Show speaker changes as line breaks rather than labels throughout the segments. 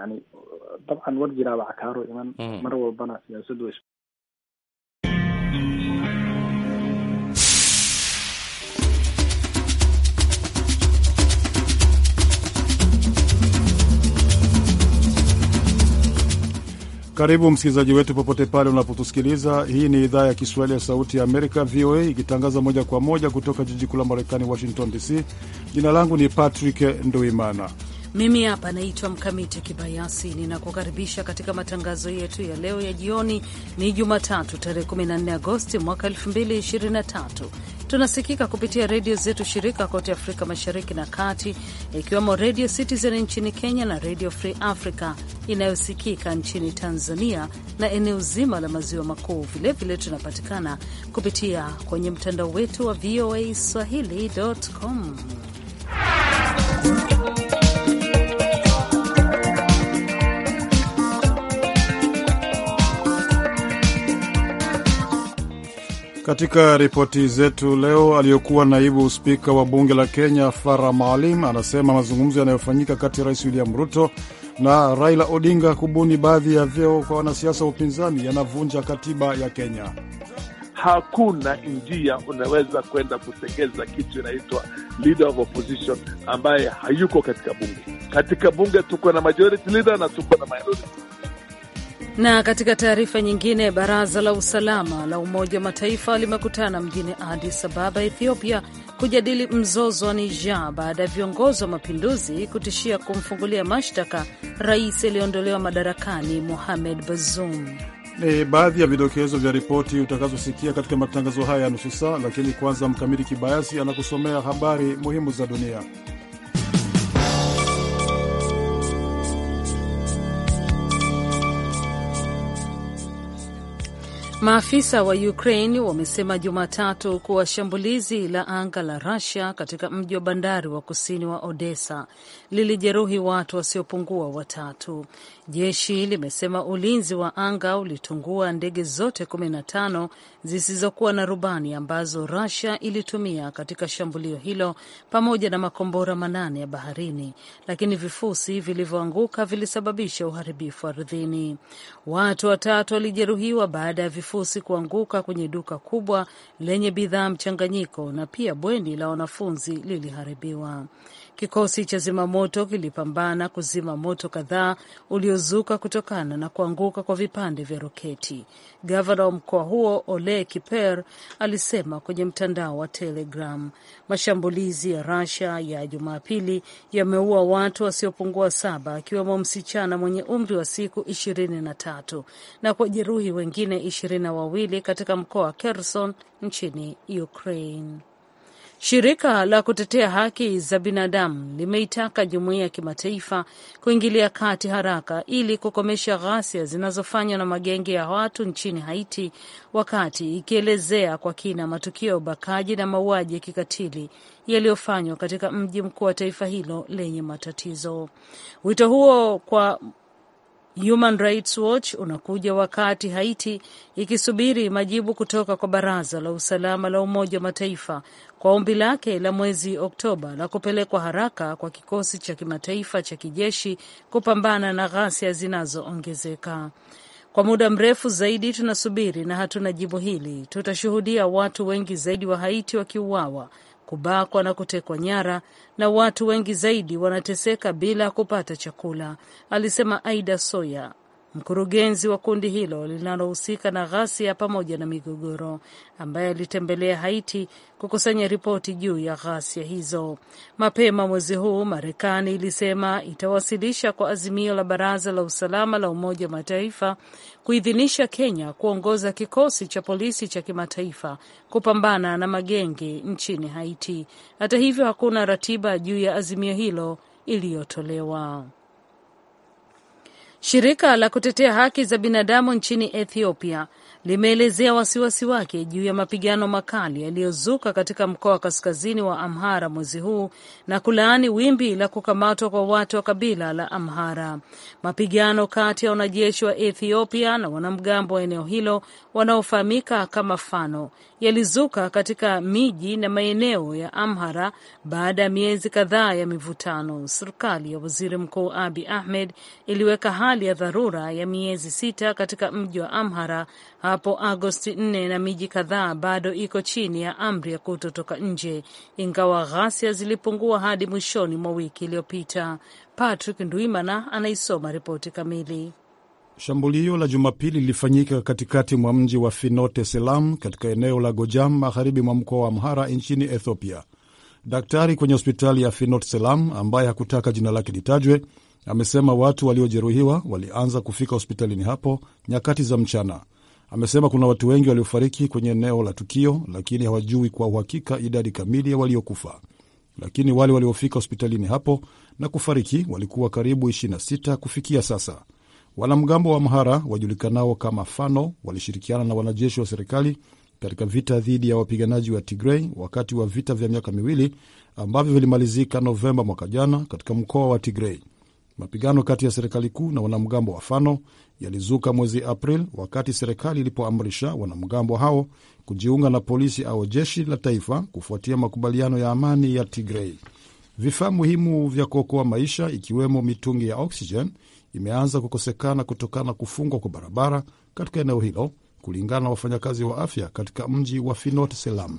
yani dabcan war jiraaba cakaaro iman mar walbana siyaasaddu
Karibu msikilizaji wetu popote pale unapotusikiliza. Hii ni idhaa ya Kiswahili ya Sauti ya Amerika, VOA, ikitangaza moja kwa moja kutoka jiji kuu la Marekani, Washington DC. Jina langu ni Patrick Nduimana.
Mimi hapa naitwa Mkamiti Kibayasi, ninakukaribisha katika matangazo yetu ya leo ya jioni. Ni Jumatatu tarehe 14 Agosti mwaka 2023. Tunasikika kupitia redio zetu shirika kote Afrika Mashariki na Kati, ikiwemo Redio Citizen nchini Kenya na Redio Free Africa inayosikika nchini Tanzania na eneo zima la maziwa makuu. Vilevile tunapatikana kupitia kwenye mtandao wetu wa VOA swahili.com
Katika ripoti zetu leo, aliyokuwa naibu spika wa bunge la Kenya Farah Maalim anasema mazungumzo yanayofanyika kati ya Rais William Ruto na Raila Odinga kubuni baadhi ya vyeo kwa wanasiasa wa upinzani yanavunja katiba ya Kenya.
Hakuna njia unaweza kwenda kutegeza kitu inaitwa leader of opposition ambaye hayuko katika bunge. Katika bunge tuko na majority leader na tuko na minority
na katika taarifa nyingine, baraza la usalama la Umoja wa Mataifa limekutana mjini Addis Ababa, Ethiopia, kujadili mzozo wa Niger baada ya viongozi wa mapinduzi kutishia kumfungulia mashtaka rais aliyeondolewa madarakani Mohamed Bazoum.
Ni baadhi ya vidokezo vya ripoti utakazosikia katika matangazo haya ya nusu saa, lakini kwanza, Mkamiri Kibayasi anakusomea habari muhimu za dunia.
Maafisa wa Ukraine wamesema Jumatatu kuwa shambulizi la anga la Russia katika mji wa bandari wa kusini wa Odessa lilijeruhi watu wasiopungua watatu. Jeshi limesema ulinzi wa anga ulitungua ndege zote 15 zisizokuwa na rubani ambazo Russia ilitumia katika shambulio hilo pamoja na makombora manane ya baharini, lakini vifusi vilivyoanguka vilisababisha uharibifu ardhini. Watu watatu walijeruhiwa baada ya kifusi kuanguka kwenye duka kubwa lenye bidhaa mchanganyiko na pia bweni la wanafunzi liliharibiwa. Kikosi cha zimamoto kilipambana kuzima moto kadhaa uliozuka kutokana na kuanguka kwa vipande vya roketi. Gavana wa mkoa huo Ole Kiper alisema kwenye mtandao wa Telegram mashambulizi ya Russia ya Jumapili yameua watu wasiopungua saba akiwemo msichana mwenye umri wa siku ishirini na tatu na kwa jeruhi wengine ishirini na wawili katika mkoa wa Kherson nchini Ukraine. Shirika la kutetea haki za binadamu limeitaka jumuiya ya kimataifa kuingilia kati haraka ili kukomesha ghasia zinazofanywa na magenge ya watu nchini Haiti, wakati ikielezea kwa kina matukio ya ubakaji na mauaji ya kikatili yaliyofanywa katika mji mkuu wa taifa hilo lenye matatizo. Wito huo kwa Human Rights Watch unakuja wakati Haiti ikisubiri majibu kutoka kwa Baraza la Usalama la Umoja wa Mataifa kwa ombi lake la mwezi Oktoba la kupelekwa haraka kwa kikosi cha kimataifa cha kijeshi kupambana na ghasia zinazoongezeka. Kwa muda mrefu zaidi tunasubiri na hatuna jibu hili. Tutashuhudia watu wengi zaidi wa Haiti wakiuawa kubakwa na kutekwa nyara, na watu wengi zaidi wanateseka bila kupata chakula, alisema Aida Soya, Mkurugenzi wa kundi hilo linalohusika na ghasia pamoja na migogoro, ambaye alitembelea Haiti kukusanya ripoti juu ya ghasia hizo. Mapema mwezi huu, Marekani ilisema itawasilisha kwa azimio la Baraza la Usalama la Umoja wa Mataifa kuidhinisha Kenya kuongoza kikosi cha polisi cha kimataifa kupambana na magenge nchini Haiti. Hata hivyo, hakuna ratiba juu ya azimio hilo iliyotolewa. Shirika la kutetea haki za binadamu nchini Ethiopia limeelezea wasiwasi wake juu ya mapigano makali yaliyozuka katika mkoa wa kaskazini wa Amhara mwezi huu na kulaani wimbi la kukamatwa kwa watu wa kabila la Amhara. Mapigano kati ya wanajeshi wa Ethiopia na wanamgambo wa eneo hilo wanaofahamika kama Fano yalizuka katika miji na maeneo ya Amhara baada ya miezi kadhaa ya mivutano. Serikali ya Waziri Mkuu Abi Ahmed iliweka hali ya dharura ya miezi sita katika mji wa Amhara hapo Agosti 4 na miji kadhaa bado iko chini ya amri ya kutotoka nje, ingawa ghasia zilipungua hadi mwishoni mwa wiki iliyopita. Patrick Ndwimana anaisoma ripoti kamili.
Shambulio la Jumapili lilifanyika katikati mwa mji wa Finote Selam katika eneo la Gojam magharibi mwa mkoa wa Amhara nchini Ethiopia. Daktari kwenye hospitali ya Finot Selam ambaye hakutaka jina lake litajwe amesema watu waliojeruhiwa walianza kufika hospitalini hapo nyakati za mchana. Amesema kuna watu wengi waliofariki kwenye eneo la tukio, lakini hawajui kwa uhakika idadi kamili ya waliokufa. Lakini wale waliofika hospitalini hapo na kufariki walikuwa karibu 26 kufikia sasa. Wanamgambo wa Mhara wajulikanao kama Fano walishirikiana na wanajeshi wa serikali katika vita dhidi ya wapiganaji wa Tigrei wakati wa vita vya miaka miwili ambavyo vilimalizika Novemba mwaka jana katika mkoa wa Tigrei. Mapigano kati ya serikali kuu na wanamgambo wa Fano yalizuka mwezi april wakati serikali ilipoamrisha wanamgambo hao kujiunga na polisi au jeshi la taifa kufuatia makubaliano ya amani ya Tigrei. Vifaa muhimu vya kuokoa maisha ikiwemo mitungi ya oksijen imeanza kukosekana kutokana na kufungwa kwa barabara katika eneo hilo, kulingana na wafanyakazi wa afya katika mji wa Finot Selam.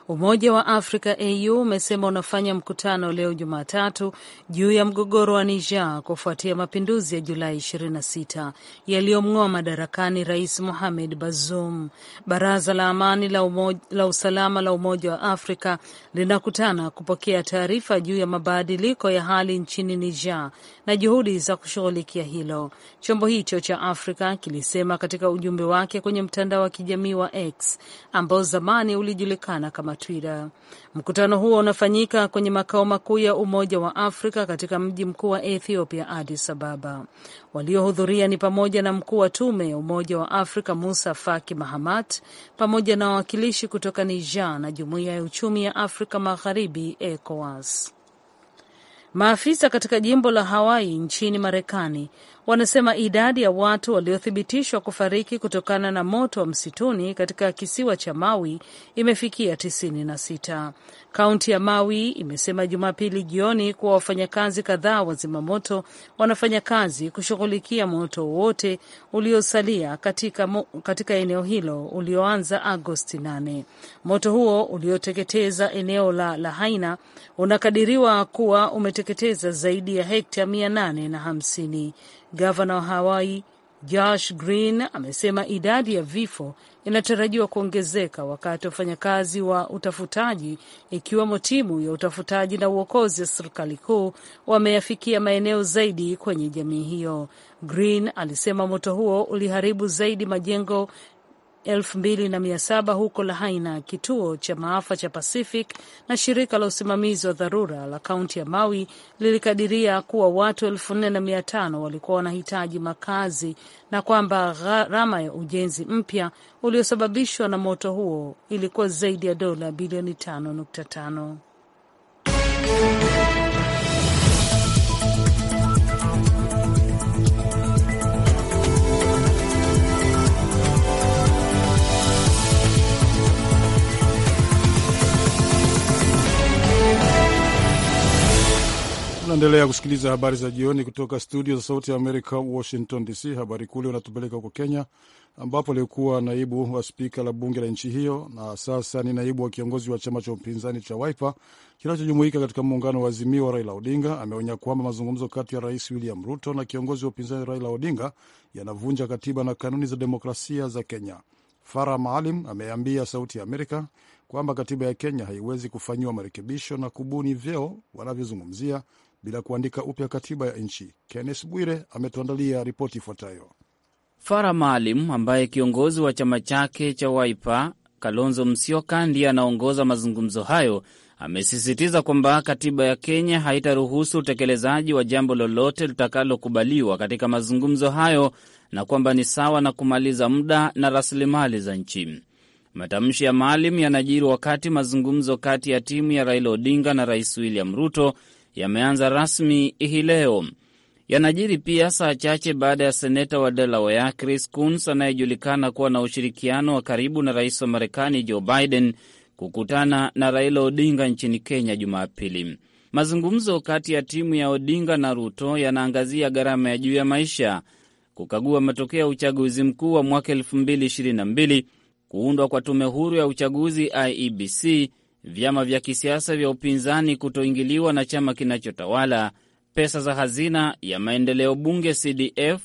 Umoja wa Afrika AU umesema unafanya mkutano leo Jumatatu juu ya mgogoro wa Niger kufuatia mapinduzi ya Julai 26 yaliyomng'oa madarakani Rais Mohamed Bazoum. Baraza la Amani la, umoja, la Usalama la Umoja wa Afrika linakutana kupokea taarifa juu ya mabadiliko ya hali nchini Niger na juhudi za kushughulikia hilo. Chombo hicho cha Afrika kilisema katika ujumbe wake kwenye mtandao wa kijamii wa X ambao zamani ulijulikana kama kama Twitter. Mkutano huo unafanyika kwenye makao makuu ya Umoja wa Afrika katika mji mkuu wa Ethiopia, Addis Ababa. Waliohudhuria ni pamoja na mkuu wa tume ya Umoja wa Afrika Musa Faki Mahamat pamoja na wawakilishi kutoka Niger na Jumuiya ya Uchumi ya Afrika Magharibi, ECOWAS. Maafisa katika jimbo la Hawaii nchini Marekani wanasema idadi ya watu waliothibitishwa kufariki kutokana na moto wa msituni katika kisiwa cha Maui imefikia sita. Kaunti ya Maui imesema Jumapili jioni kuwa wafanyakazi kadhaa wa zimamoto wanafanya kazi kushughulikia moto wowote uliosalia katika, mo, katika eneo hilo ulioanza Agosti 8. Moto huo ulioteketeza eneo la Lahaina unakadiriwa kuwa umeteketeza zaidi ya hekta 850. Gavana wa Hawaii Josh Green amesema idadi ya vifo inatarajiwa kuongezeka wakati wafanyakazi wa utafutaji ikiwemo timu ya utafutaji na uokozi ya serikali kuu wameyafikia maeneo zaidi kwenye jamii hiyo. Green alisema moto huo uliharibu zaidi majengo 2700 huko Lahaina, kituo cha maafa cha Pacific na shirika la usimamizi wa dharura la kaunti ya Maui lilikadiria kuwa watu tano walikuwa wanahitaji makazi na kwamba gharama ya ujenzi mpya uliosababishwa na moto huo ilikuwa zaidi ya dola bilioni 5.5.
Unaendelea kusikiliza habari za jioni kutoka studio za Sauti ya Amerika, Washington DC. Habari kule unatupeleka huko Kenya, ambapo alikuwa naibu wa spika la bunge la nchi hiyo na sasa ni naibu wa kiongozi wa chama cha upinzani cha Wiper kinachojumuika katika muungano wa Azimio wa Raila Odinga ameonya kwamba mazungumzo kati ya Rais William Ruto na kiongozi wa upinzani Raila Odinga yanavunja katiba na kanuni za demokrasia za Kenya. Farah Maalim ameambia Sauti ya Amerika kwamba katiba ya Kenya haiwezi kufanyiwa marekebisho na kubuni vyeo wanavyozungumzia bila kuandika upya katiba ya nchi. Kennes Bwire ametuandalia ripoti ifuatayo.
Fara Maalim ambaye kiongozi wa chama chake cha Waipa Kalonzo msioka ndiye anaongoza mazungumzo hayo, amesisitiza kwamba katiba ya Kenya haitaruhusu utekelezaji wa jambo lolote litakalokubaliwa katika mazungumzo hayo na kwamba ni sawa na kumaliza muda na rasilimali za nchi. Matamshi ya Maalim yanajiri wakati mazungumzo kati ya timu ya Raila Odinga na Rais William Ruto yameanza rasmi hii leo. Yanajiri pia saa chache baada ya seneta wa Delaware Chris Coons anayejulikana kuwa na ushirikiano wa karibu na rais wa Marekani Joe Biden kukutana na Raila Odinga nchini Kenya Jumapili. Mazungumzo kati ya timu ya Odinga na Ruto yanaangazia gharama ya juu ya maisha, kukagua matokeo ya uchaguzi mkuu wa mwaka 2022, kuundwa kwa tume huru ya uchaguzi IEBC vyama vya kisiasa vya upinzani kutoingiliwa na chama kinachotawala, pesa za hazina ya maendeleo bunge CDF,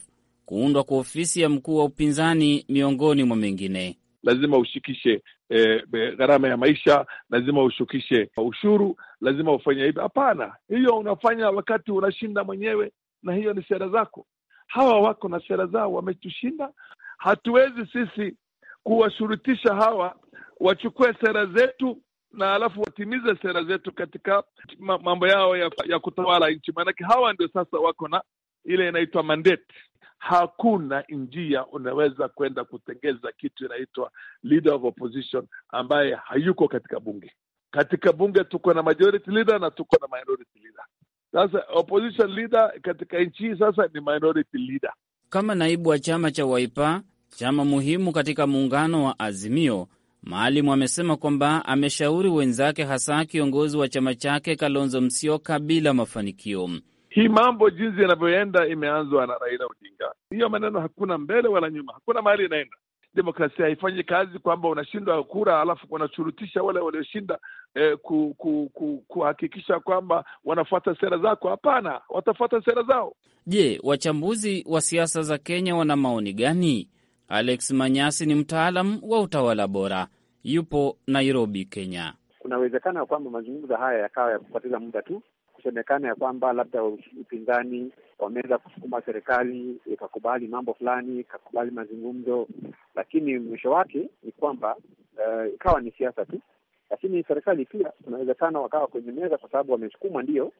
kuundwa kwa ofisi ya mkuu wa upinzani, miongoni mwa mengine. Lazima
ushikishe eh, gharama ya maisha, lazima ushukishe ushuru, lazima ufanye hivi. Hapana, hiyo unafanya wakati unashinda mwenyewe, na hiyo ni sera zako. Hawa wako na sera zao, wametushinda. Hatuwezi sisi kuwashurutisha hawa wachukue sera zetu na alafu watimize sera zetu katika mambo yao ya, ya kutawala nchi, maanake hawa ndio sasa wako na ile inaitwa mandate. Hakuna njia unaweza kwenda kutengeza kitu inaitwa leader of opposition ambaye hayuko katika bunge. Katika bunge tuko na majority leader na tuko na minority leader. Sasa opposition leader katika nchi hii sasa ni minority leader.
Kama naibu wa chama cha Waipa, chama muhimu katika muungano wa Azimio, maalimu amesema kwamba ameshauri wenzake, hasa kiongozi wa chama chake Kalonzo Musyoka, bila mafanikio.
Hii mambo jinsi yanavyoenda imeanzwa na Raila Odinga. Hiyo maneno hakuna mbele wala nyuma, hakuna mahali inaenda. Demokrasia haifanyi kazi, kwamba unashindwa kura alafu wanashurutisha wale walioshinda eh, ku, ku, ku, kuhakikisha kwamba wanafuata sera zako. Hapana, watafuata sera zao.
Je, wachambuzi wa siasa za Kenya wana maoni gani? Alex Manyasi ni mtaalam wa utawala bora yupo Nairobi, Kenya.
Kuna uwezekano ya kwamba mazungumzo haya yakawa ya kupoteza muda tu, kusemekana ya kwamba labda upinzani wameweza kusukuma serikali ikakubali mambo fulani, ikakubali mazungumzo, lakini mwisho wake ni kwamba uh, ikawa ni siasa tu. Lakini serikali pia kuna uwezekano wakawa kwenye meza, kwa sababu wamesukumwa, ndio,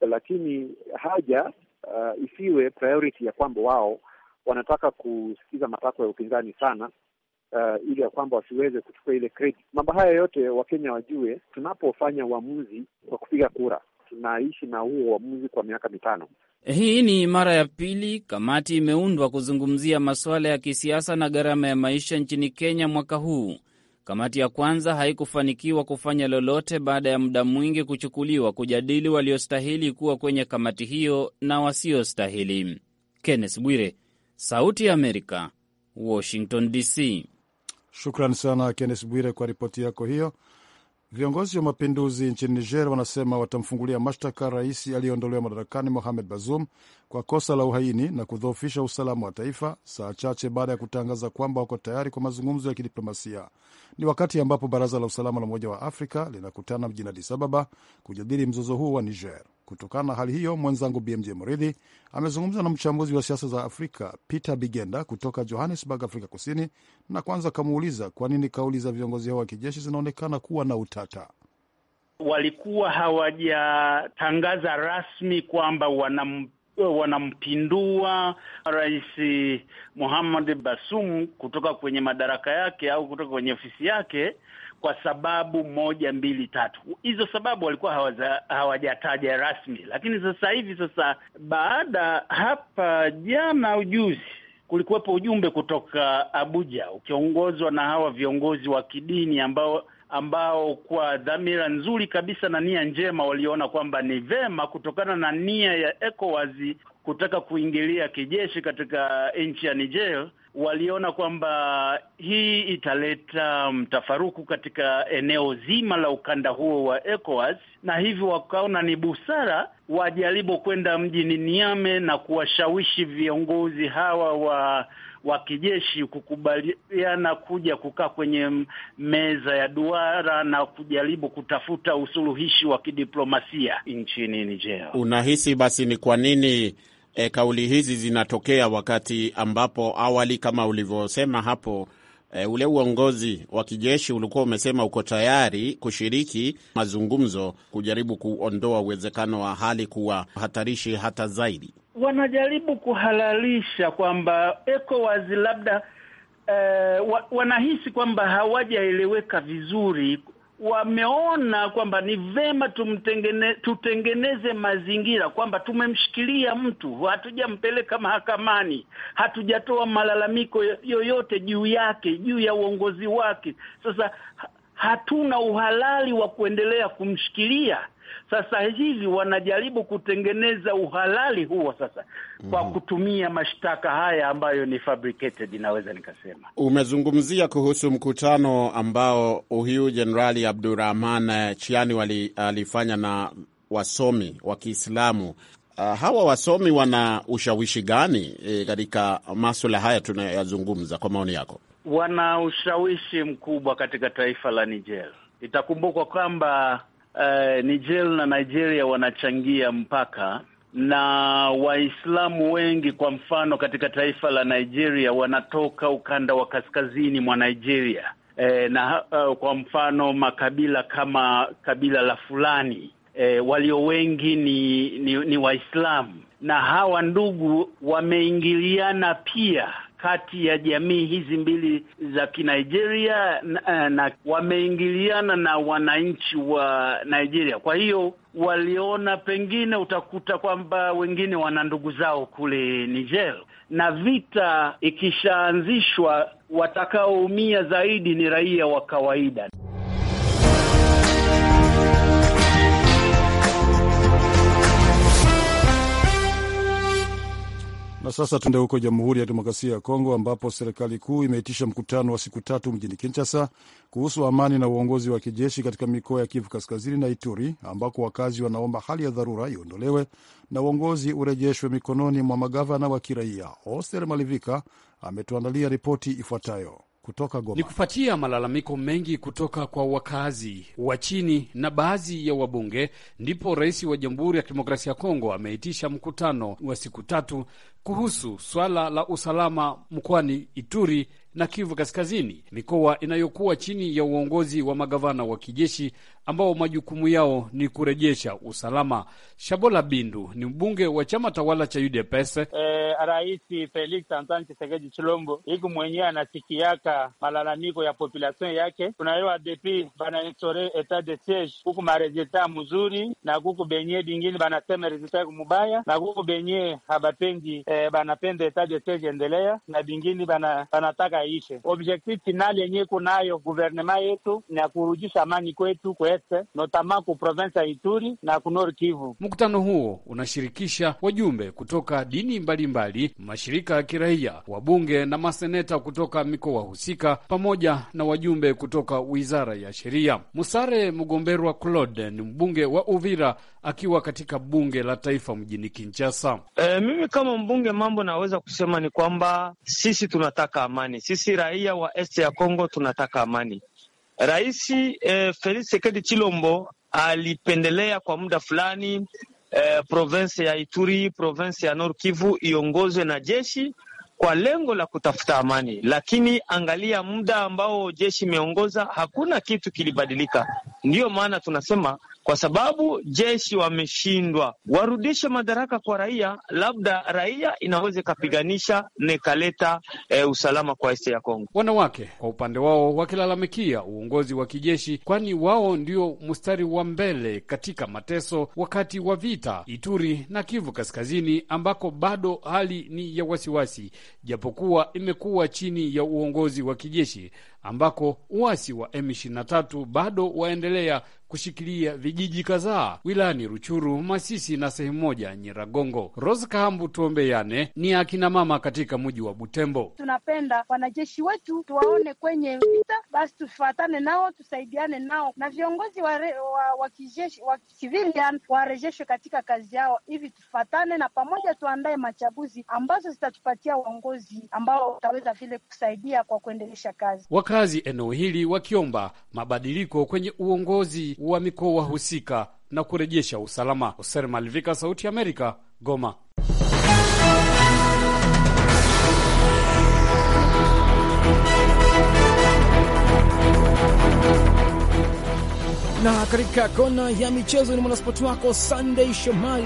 lakini haja uh, isiwe priority ya kwamba wao wanataka kusikiza matakwa ya upinzani sana uh, ili ya kwamba wasiweze kuchukua ile credit. Mambo haya yote Wakenya wajue, tunapofanya uamuzi kwa kupiga kura tunaishi na huo uamuzi kwa miaka mitano.
Hii ni mara ya pili kamati imeundwa kuzungumzia masuala ya kisiasa na gharama ya maisha nchini Kenya mwaka huu. Kamati ya kwanza haikufanikiwa kufanya lolote baada ya muda mwingi kuchukuliwa kujadili waliostahili kuwa kwenye kamati hiyo na wasiostahili. Kenneth Bwire, Sauti ya Amerika, Washington DC. Shukran sana
Kennes Bwire kwa ripoti yako hiyo. Viongozi wa mapinduzi nchini Niger wanasema watamfungulia mashtaka rais aliyeondolewa madarakani Mohamed Bazoum kwa kosa la uhaini na kudhoofisha usalama wa taifa, saa chache baada ya kutangaza kwamba wako tayari kwa mazungumzo ya kidiplomasia. Ni wakati ambapo baraza la usalama la Umoja wa Afrika linakutana mjini Addis Ababa kujadili mzozo huo wa Niger. Kutokana na hali hiyo, mwenzangu BMJ mridhi amezungumza na mchambuzi wa siasa za Afrika Peter Bigenda kutoka Johannesburg, Afrika Kusini, na kwanza akamuuliza kwa nini kauli za viongozi hao wa kijeshi zinaonekana kuwa na utata.
Walikuwa hawajatangaza rasmi kwamba wanam wanampindua Rais Muhammad Basum kutoka kwenye madaraka yake au kutoka kwenye ofisi yake, kwa sababu moja mbili tatu. Hizo sababu walikuwa hawaza, hawajataja rasmi, lakini sasa hivi sasa, baada hapa jana ujuzi kulikuwepo ujumbe kutoka Abuja ukiongozwa na hawa viongozi wa kidini ambao ambao kwa dhamira nzuri kabisa na nia njema waliona kwamba ni vema kutokana na nia ya ECOWAS kutaka kuingilia kijeshi katika nchi ya Niger waliona kwamba hii italeta mtafaruku katika eneo zima la ukanda huo wa ECOWAS, na hivyo wakaona ni busara wajaribu kwenda mjini Niame na kuwashawishi viongozi hawa wa wa kijeshi kukubaliana kuja kukaa kwenye meza ya duara na kujaribu kutafuta usuluhishi wa kidiplomasia nchini Niger. Unahisi basi ni kwa nini e, kauli hizi zinatokea wakati ambapo awali kama ulivyosema hapo e, ule uongozi wa kijeshi ulikuwa umesema uko tayari kushiriki mazungumzo kujaribu kuondoa uwezekano wa hali kuwa hatarishi hata zaidi. Wanajaribu kuhalalisha kwamba wazi labda Uh, wa, wanahisi kwamba hawajaeleweka vizuri wameona kwamba ni vema tumtengene, tutengeneze mazingira kwamba tumemshikilia mtu, hatujampeleka mahakamani, hatujatoa malalamiko yoyote juu yake, juu ya uongozi wake. Sasa hatuna uhalali wa kuendelea kumshikilia. Sasa hivi wanajaribu kutengeneza uhalali huo sasa kwa mm. kutumia mashtaka haya ambayo ni fabricated, naweza nikasema. Umezungumzia kuhusu mkutano ambao huyu Jenerali Abdurahman Chiani wali, alifanya na wasomi wa Kiislamu. Uh, hawa wasomi wana ushawishi gani eh, katika e, maswala haya tunayazungumza, kwa maoni yako? wana ushawishi mkubwa katika taifa la Niger. Itakumbukwa kwamba uh, Niger na Nigeria wanachangia mpaka na Waislamu wengi kwa mfano katika taifa la Nigeria wanatoka ukanda wa kaskazini mwa Nigeria. E, na uh, kwa mfano makabila kama kabila la Fulani e, walio wengi ni ni, ni Waislamu na hawa ndugu wameingiliana pia kati ya jamii hizi mbili za Kinigeria na, eh, na wameingiliana na wananchi wa Nigeria. Kwa hiyo waliona pengine utakuta kwamba wengine wana ndugu zao kule Niger, na vita ikishaanzishwa watakaoumia zaidi ni raia wa kawaida.
sasa tuende huko Jamhuri ya Demokrasia ya Kongo, ambapo serikali kuu imeitisha mkutano wa siku tatu mjini Kinshasa kuhusu amani na uongozi wa kijeshi katika mikoa ya Kivu Kaskazini na Ituri, ambako wakazi wanaomba hali ya dharura iondolewe na uongozi urejeshwe mikononi mwa magavana wa kiraia. Oster Malivika ametuandalia ripoti ifuatayo kutoka Goma. Ni
kufuatia malalamiko mengi kutoka kwa wakazi wa chini na baadhi ya wabunge, ndipo rais wa Jamhuri ya Kidemokrasia ya Kongo ameitisha mkutano wa siku tatu kuhusu swala la usalama mkoani Ituri na Kivu Kaskazini, mikoa inayokuwa chini ya uongozi wa magavana wa kijeshi ambao majukumu yao ni kurejesha usalama. Shabola Bindu ni mbunge wa chama tawala cha UDPS. E,
Rais Felix Antoine chisekeji Chilombo iku mwenyewe anasikiaka malalamiko ya population yake, tunayowa depi banainstore etat de siege, kuku maresultat mzuri na kuku benye bingine banasema resulta yaku mubaya na kuku benye habapendi e, eh, banapenda etat de siege endelea na bingine banataka vita ishe. Objective final yenye iko nayo guvernema yetu ni ya kurujisha amani kwetu kwese, notama ku provensi ya Ituri na ku
Kivu. Mkutano huo unashirikisha wajumbe kutoka dini mbalimbali mbali, mashirika ya kiraia, wabunge na maseneta kutoka mikoa husika pamoja na wajumbe kutoka wizara ya sheria. Musare Mugomberwa Claude ni mbunge wa Uvira akiwa katika bunge la taifa mjini Kinshasa. E, mimi kama mbunge mambo naweza
kusema ni kwamba sisi tunataka amani. Sisi raia wa est ya congo tunataka amani. Rais eh, Felix Sekedi Chilombo alipendelea kwa muda fulani eh, province ya Ituri, province ya Nord Kivu iongozwe na jeshi kwa lengo la kutafuta amani, lakini angalia muda ambao jeshi imeongoza, hakuna kitu kilibadilika. Ndiyo maana tunasema kwa sababu jeshi wameshindwa. Warudishe madaraka kwa raia, labda raia inaweza ikapiganisha na ikaleta e, usalama kwa este ya Kongo.
Wanawake kwa upande wao wakilalamikia uongozi wa kijeshi, kwani wao ndio mstari wa mbele katika mateso wakati wa vita Ituri na Kivu Kaskazini, ambako bado hali ni ya wasiwasi, japokuwa imekuwa chini ya uongozi wa kijeshi ambako uasi wa M23 bado waendelea kushikilia vijiji kadhaa wilayani Ruchuru, Masisi na sehemu moja Nyiragongo. Rose Kahambu tuombeyane ni akina mama katika mji wa Butembo.
Tunapenda wanajeshi wetu tuwaone kwenye vita, basi tufuatane nao, tusaidiane nao na viongozi wa, wa, wa kijeshi wa civilian warejeshwe katika kazi yao, hivi tufuatane na pamoja tuandae machaguzi ambazo zitatupatia uongozi ambao utaweza vile kusaidia kwa kuendelesha kazi
Waka wakazi eneo hili wakiomba mabadiliko kwenye uongozi wa mikoa husika na kurejesha usalama. Hoser Malivika, Sauti ya Amerika, Goma.
na katika kona ya michezo ni mwanaspoti wako sandey Shomari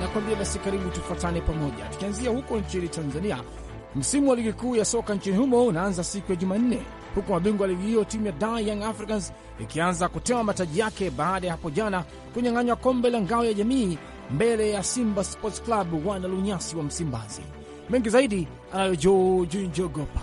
nakwambia. Basi karibu tufuatane pamoja, tukianzia huko nchini Tanzania. Msimu wa ligi kuu ya soka nchini humo unaanza siku ya Jumanne huku mabingwa ligi hiyo timu ya Young Africans ikianza kutewa mataji yake baada ya hapo jana kunyang'anywa kombe la ngao ya jamii mbele ya Simba Sports Club wana lunyasi wa Msimbazi. Mengi zaidi anayo Joji Njogopa.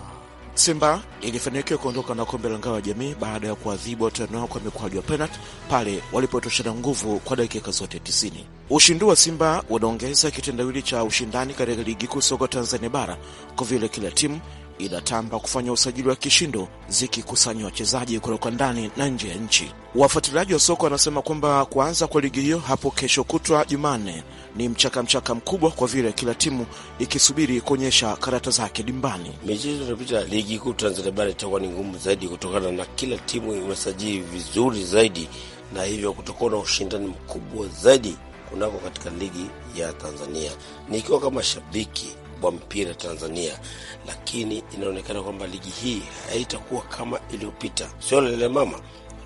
Simba ilifanikiwa kuondoka na kombe la ngao ya jamii baada ya kuadhibu watani wao kwa mikwaju ya penalti pale walipotoshana nguvu kwa dakika zote 90. Ushindi wa Simba unaongeza kitendawili cha ushindani katika ligi kuu soka Tanzania bara, kwa vile kila timu inatamba kufanya usajili wa kishindo zikikusanya wachezaji kutoka ndani na nje ya nchi. Wafuatiliaji wa soka wanasema kwamba kuanza kwa ligi hiyo hapo kesho kutwa Jumanne ni mchakamchaka mkubwa, kwa vile kila timu ikisubiri kuonyesha karata zake dimbani. Michezo inapita ligi kuu Tanzania bara itakuwa ni ngumu zaidi, kutokana na kila timu imesajili vizuri zaidi, na hivyo kutokuwa na ushindani mkubwa zaidi kunako katika ligi ya Tanzania. Nikiwa kama shabiki wa mpira Tanzania, lakini inaonekana kwamba ligi hii haitakuwa kama iliyopita. Sio lele mama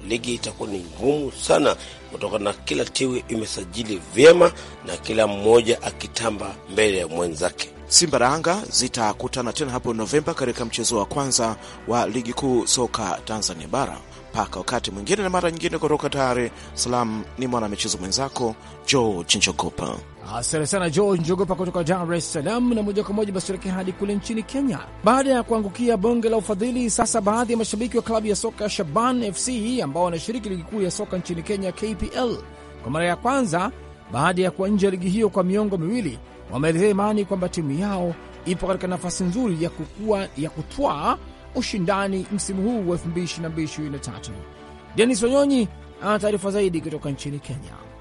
ligi itakuwa ni ngumu sana, kutokana na kila timu imesajili vyema na kila mmoja akitamba mbele ya mwenzake. Simba na Yanga zitakutana tena hapo Novemba katika mchezo wa kwanza wa ligi kuu soka Tanzania bara mpaka wakati mwingine na mara nyingine. Kutoka tayari salam ni ni mwanamichezo mwenzako George Njogopa.
Asante sana George Njogopa kutoka Dar es Salaam. Na moja kwa moja basi tuelekea hadi kule nchini Kenya. Baada ya kuangukia bonge la ufadhili, sasa baadhi ya mashabiki wa klabu ya soka Shaban FC ambao wanashiriki ligi kuu ya soka nchini Kenya, KPL, kwa mara ya kwanza baada ya kuwa nje ya ligi hiyo kwa miongo miwili, wameelezea imani kwamba timu yao ipo katika nafasi nzuri ya kukua ya kutwaa ushindani msimu huu wa 2022/2023. Denis Wanyonyi ana taarifa zaidi kutoka nchini Kenya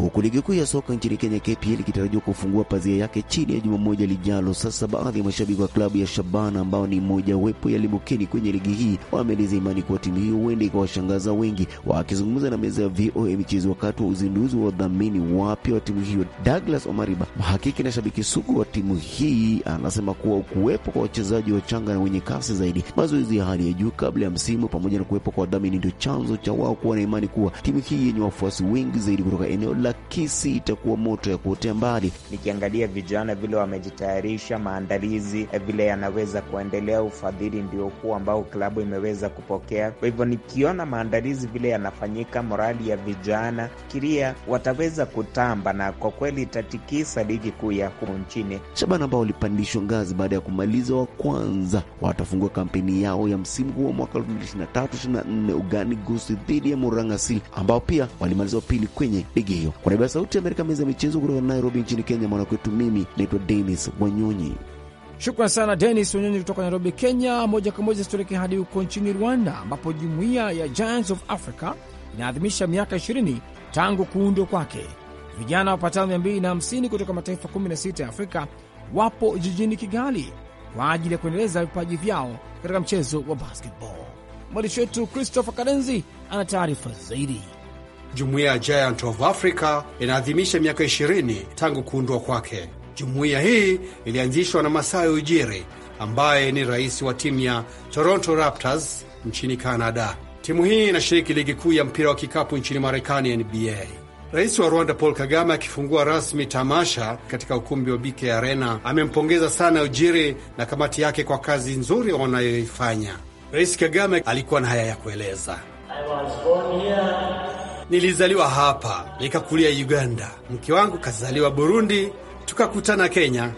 huku ligi kuu ya soka nchini Kenya KPL ikitarajiwa kufungua pazia yake chini ya juma moja lijalo. Sasa baadhi ya mashabiki wa klabu ya Shabana ambao ni mmoja wepo ya limbukeni kwenye ligi hii wameeleza imani kuwa timu hiyo huenda ikawashangaza wengi. Wakizungumza na meza ya VOA michezo wakati wa uzinduzi wa wadhamini wapya wa timu hiyo, Douglas Omariba, mhakiki na shabiki sugu wa timu hii, anasema kuwa kuwepo kwa wachezaji wachanga na wenye kasi zaidi, mazoezi ya hali ya juu kabla ya msimu, pamoja na kuwepo kwa wadhamini ndio chanzo cha wao kuwa na imani kuwa timu hii yenye wafuasi wengi zaidi kutoka eneo la wala kesi itakuwa moto ya kuotea mbali. Nikiangalia vijana vile wamejitayarisha, maandalizi eh, vile yanaweza kuendelea, ufadhili ndio kuu ambao klabu imeweza kupokea. Kwa hivyo nikiona maandalizi vile yanafanyika, morali ya vijana, fikiria wataweza kutamba, na kwa kweli itatikisa ligi kuu ya humu nchini. Shabana ambao walipandishwa ngazi baada ya kumaliza wa kwanza watafungua kampeni yao ya msimu huo mwaka 2023/24 ugani gusi dhidi ya Murang'a Seal ambao pia walimaliza wa pili kwenye ligi hiyo. Kwa niaba ya Sauti ya Amerika, meza ya michezo kutoka Nairobi nchini Kenya, mwanakwetu mimi naitwa Denis Wanyonyi.
Shukran sana Denis Wanyonyi kutoka Nairobi, Kenya. Moja kwa moja tuelekee hadi huko nchini Rwanda, ambapo jumuiya ya Giants of Africa inaadhimisha miaka 20 tangu kuundwa kwake. Vijana wapatao 250 kutoka mataifa 16 ya Afrika wapo jijini Kigali kwa ajili ya kuendeleza vipaji vyao katika mchezo wa basketball. Mwandishi wetu Christopher Karenzi ana taarifa zaidi.
Jumuiya ya Giant of Africa inaadhimisha miaka 20 tangu kuundwa kwake. Jumuiya hii ilianzishwa na Masai Ujiri ambaye ni rais wa timu ya Toronto Raptors nchini Canada. Timu hii inashiriki ligi kuu ya mpira wa kikapu nchini Marekani, NBA. Rais wa Rwanda Paul Kagame akifungua rasmi tamasha katika ukumbi wa BK Arena amempongeza sana Ujiri na kamati yake kwa kazi nzuri wanayoifanya. Rais Kagame alikuwa na haya ya kueleza I was born here. Nilizaliwa hapa nikakulia Uganda, mke wangu kazaliwa Burundi, tukakutana Kenya.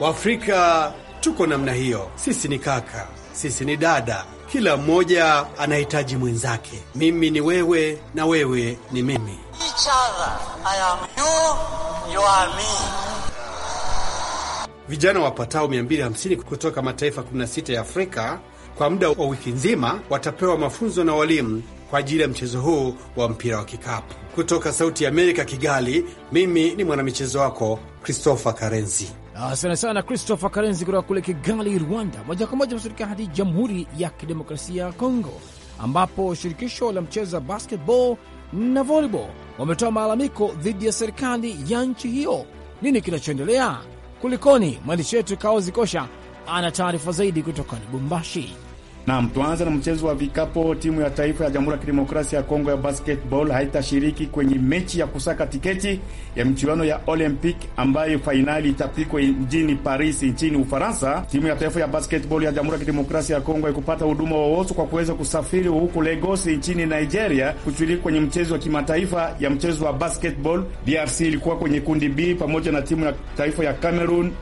Waafrika tuko namna hiyo, sisi ni kaka, sisi ni dada, kila mmoja anahitaji mwenzake. Mimi ni wewe na wewe ni mimi. Vijana wapatao 250 kutoka mataifa 16 ya Afrika kwa muda wa wiki nzima watapewa mafunzo na walimu kwa ajili ya mchezo huu wa mpira wa kikapu. Kutoka Sauti ya Amerika, Kigali, mimi ni mwanamichezo wako Christopher Karenzi.
Asante sana Christopher Karenzi kutoka kule Kigali, Rwanda. Moja kwa moja kutoka hadi Jamhuri ya Kidemokrasia ya Kongo, ambapo shirikisho la mchezo wa basketball na volleyball wametoa malalamiko dhidi ya serikali ya nchi hiyo. Nini kinachoendelea? Kulikoni? Mwandishi wetu Kaozi Kosha ana taarifa zaidi kutoka Lubumbashi.
Nam, tuanze na mchezo wa vikapo. Timu ya taifa ya Jamhuri ya Kidemokrasia ya Kongo ya basketball haitashiriki kwenye mechi ya kusaka tiketi ya michuano ya Olympic ambayo fainali itapikwa mjini Paris nchini Ufaransa. Timu ya taifa ya basketball ya Jamhuri ya Kidemokrasia ya Kongo haikupata huduma wowote kwa kuweza kusafiri huku Lagos nchini Nigeria kushiriki kwenye mchezo wa kimataifa ya mchezo wa basketball. DRC ilikuwa kwenye kundi B pamoja na timu ya taifa ya Cameroon,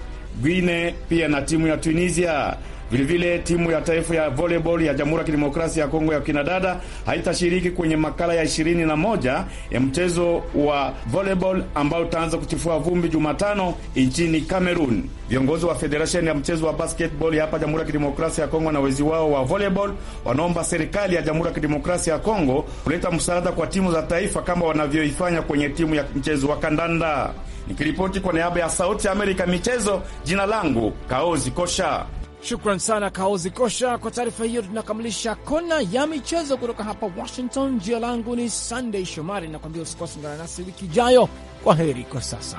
Guinea pia na timu ya Tunisia. Vilevile timu ya taifa ya volleyball ya Jamhuri ya Kidemokrasia ya Kongo ya kinadada haitashiriki kwenye makala ya ishirini na moja ya mchezo wa volleyball ambao utaanza kutifua vumbi Jumatano nchini Cameroon. Viongozi wa federation ya mchezo wa basketball ya hapa Jamhuri ya Kidemokrasia ya Kongo na wezi wao wa volleyball wanaomba serikali ya Jamhuri ya Kidemokrasia ya Kongo kuleta msaada kwa timu za taifa kama wanavyoifanya kwenye timu ya mchezo wa kandanda. Nikiripoti kwa niaba ya Sauti ya Amerika michezo, jina langu Kaozi Kosha.
Shukran sana Kaozi Kosha kwa taarifa hiyo. Tunakamilisha kona ya michezo kutoka hapa Washington. Jina langu ni Sunday Shomari, nakwambia usikose, ungana nasi wiki ijayo. Kwa heri kwa sasa.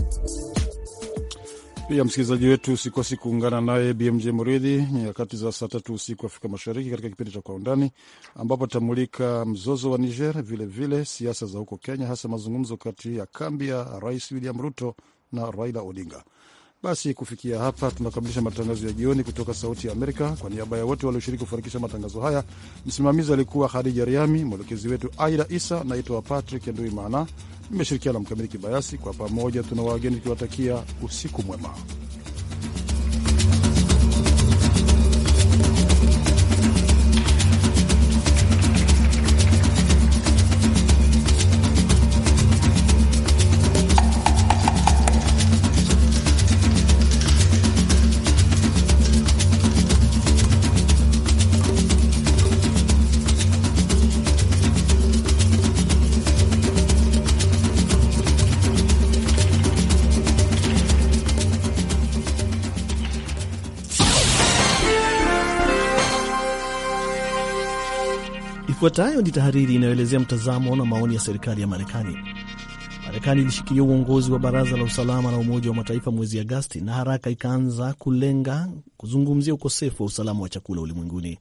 Pia msikilizaji wetu, usikosi kuungana naye BMJ Muridhi nyakati za saa tatu usiku Afrika Mashariki katika kipindi cha Kwa Undani, ambapo atamulika mzozo wa Niger, vilevile siasa za huko Kenya, hasa mazungumzo kati ya kambi ya Rais William Ruto na Raila Odinga. Basi kufikia hapa tunakamilisha matangazo ya jioni kutoka Sauti ya Amerika. Kwa niaba ya wote walioshiriki kufanikisha matangazo haya, msimamizi alikuwa Hadija Riami, mwelekezi wetu Aida Isa. Naitwa Patrick Nduimana, nimeshirikiana na Mkamili Kibayasi. Kwa pamoja tuna wageni tukiwatakia usiku mwema.
Ifuatayo ni tahariri inayoelezea mtazamo na maoni ya serikali ya Marekani. Marekani ilishikilia uongozi wa Baraza la Usalama la Umoja wa Mataifa mwezi Agasti na haraka ikaanza kulenga kuzungumzia ukosefu wa usalama wa chakula ulimwenguni.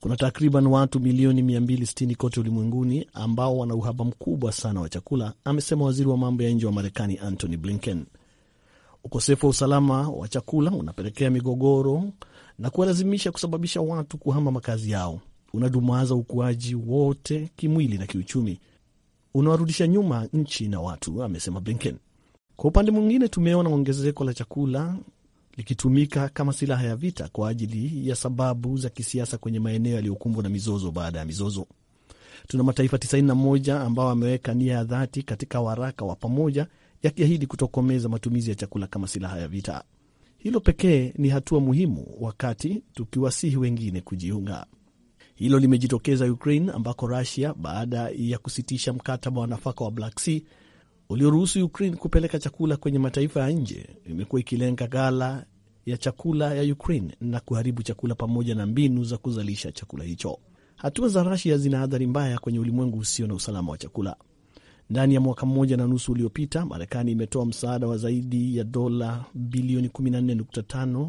Kuna takriban watu milioni 260 kote ulimwenguni ambao wana uhaba mkubwa sana wa chakula, amesema waziri wa mambo ya nje wa Marekani Antony Blinken. Ukosefu wa usalama wa chakula unapelekea migogoro na kuwalazimisha kusababisha watu kuhama makazi yao unadumaza ukuaji wote kimwili na kiuchumi, unawarudisha nyuma nchi na watu, amesema Blinken. Kwa upande mwingine, tumeona ongezeko la chakula likitumika kama silaha ya vita kwa ajili ya sababu za kisiasa kwenye maeneo yaliyokumbwa na mizozo baada ya mizozo. Tuna mataifa 91 ambao wameweka nia ya dhati katika waraka wa pamoja, yakiahidi kutokomeza matumizi ya chakula kama silaha ya vita. Hilo pekee ni hatua muhimu, wakati tukiwasihi wengine kujiunga. Hilo limejitokeza Ukraine ambako rasia baada ya kusitisha mkataba wa nafaka wa Black Sea ulioruhusu Ukraine kupeleka chakula kwenye mataifa ya nje imekuwa ikilenga ghala ya chakula ya Ukraine na kuharibu chakula pamoja na mbinu za kuzalisha chakula hicho. Hatua za rasia zina athari mbaya kwenye ulimwengu usio na usalama wa chakula. Ndani ya mwaka mmoja na nusu uliopita, Marekani imetoa msaada wa zaidi ya dola bilioni 14.5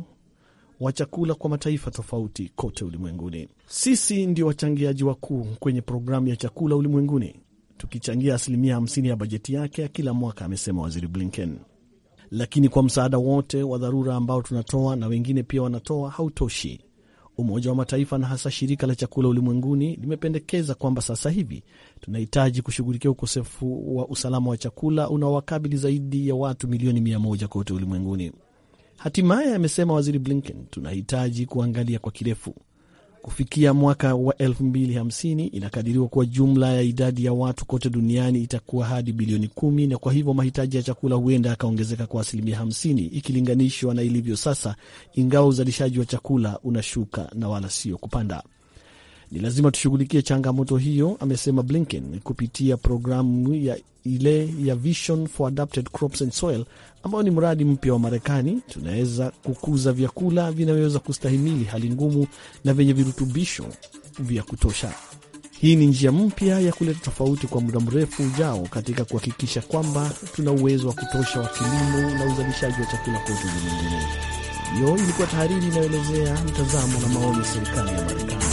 wa chakula kwa mataifa tofauti kote ulimwenguni. Sisi ndio wachangiaji wakuu kwenye programu ya chakula ulimwenguni, tukichangia asilimia 50 ya bajeti yake ya kila mwaka, amesema Waziri Blinken. Lakini kwa msaada wote wa dharura ambao tunatoa na wengine pia wanatoa hautoshi. Umoja wa Mataifa na hasa shirika la chakula ulimwenguni limependekeza kwamba sasa hivi tunahitaji kushughulikia ukosefu wa usalama wa chakula unaowakabili zaidi ya watu milioni mia moja kote ulimwenguni. Hatimaye, amesema Waziri Blinken, tunahitaji kuangalia kwa kirefu. Kufikia mwaka wa 2050 inakadiriwa kuwa jumla ya idadi ya watu kote duniani itakuwa hadi bilioni kumi, na kwa hivyo mahitaji ya chakula huenda yakaongezeka kwa asilimia 50 ikilinganishwa na ilivyo sasa, ingawa uzalishaji wa chakula unashuka na wala sio kupanda. Ni lazima tushughulikie changamoto hiyo, amesema Blinken kupitia programu ya ile ya Vision for Adapted Crops and Soil, ambayo ni mradi mpya wa Marekani. Tunaweza kukuza vyakula vinavyoweza kustahimili hali ngumu na vyenye virutubisho vya kutosha. Hii ni njia mpya ya kuleta tofauti kwa muda mrefu ujao katika kuhakikisha kwamba tuna uwezo wa kutosha wa kilimo na uzalishaji wa chakula kote ulimwenguni. Hiyo ilikuwa tahariri inayoelezea mtazamo na maoni ya serikali ya Marekani.